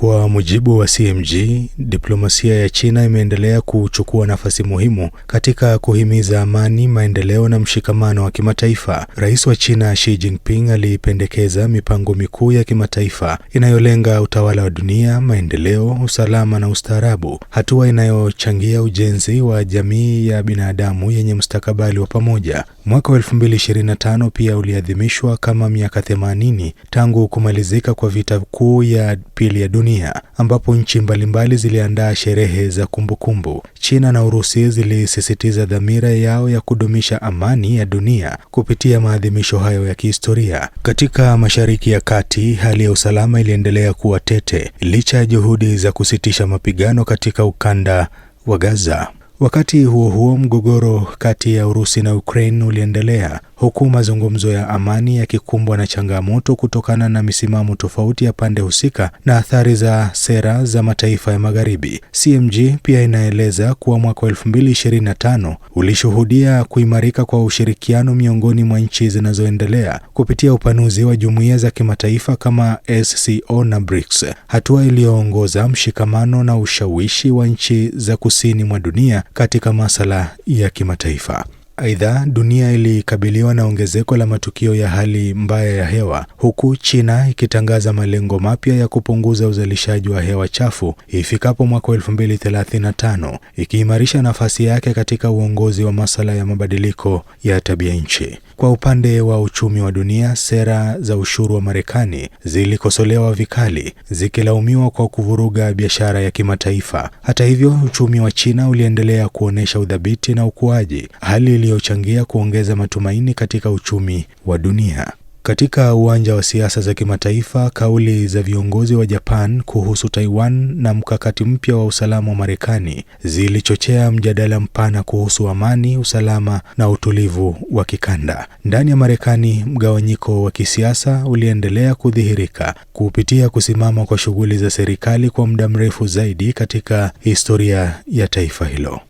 Kwa mujibu wa CMG, diplomasia ya China imeendelea kuchukua nafasi muhimu katika kuhimiza amani, maendeleo na mshikamano wa kimataifa. Rais wa China Xi Jinping alipendekeza mipango mikuu ya kimataifa inayolenga utawala wa dunia, maendeleo, usalama na ustaarabu, hatua inayochangia ujenzi wa jamii ya binadamu yenye mstakabali wa pamoja. Mwaka wa 2025 pia uliadhimishwa kama miaka 80 tangu kumalizika kwa vita kuu ya pili ya dunia dunia ambapo nchi mbalimbali ziliandaa sherehe za kumbukumbu kumbu. China na Urusi zilisisitiza dhamira yao ya kudumisha amani ya dunia kupitia maadhimisho hayo ya kihistoria. Katika Mashariki ya Kati, hali ya usalama iliendelea kuwa tete licha ya juhudi za kusitisha mapigano katika ukanda wa Gaza. Wakati huo huo, mgogoro kati ya Urusi na Ukraine uliendelea huku mazungumzo ya amani yakikumbwa na changamoto kutokana na misimamo tofauti ya pande husika na athari za sera za mataifa ya Magharibi. CMG pia inaeleza kuwa mwaka 2025 ulishuhudia kuimarika kwa ushirikiano miongoni mwa nchi zinazoendelea kupitia upanuzi wa jumuiya za kimataifa kama SCO na BRICS, hatua iliyoongoza mshikamano na ushawishi wa nchi za kusini mwa dunia katika masala ya kimataifa. Aidha, dunia ilikabiliwa na ongezeko la matukio ya hali mbaya ya hewa huku China ikitangaza malengo mapya ya kupunguza uzalishaji wa hewa chafu ifikapo mwaka 2035 ikiimarisha nafasi yake katika uongozi wa masuala ya mabadiliko ya tabia nchi. Kwa upande wa uchumi wa dunia, sera za ushuru wa Marekani zilikosolewa vikali, zikilaumiwa kwa kuvuruga biashara ya kimataifa. Hata hivyo, uchumi wa China uliendelea kuonyesha udhabiti na ukuaji, hali yanayochangia kuongeza matumaini katika uchumi wa dunia. Katika uwanja wa siasa za kimataifa, kauli za viongozi wa Japan kuhusu Taiwan na mkakati mpya wa usalama wa Marekani zilichochea mjadala mpana kuhusu amani, usalama na utulivu wa kikanda. Ndani ya Marekani, mgawanyiko wa kisiasa uliendelea kudhihirika kupitia kusimama kwa shughuli za serikali kwa muda mrefu zaidi katika historia ya taifa hilo.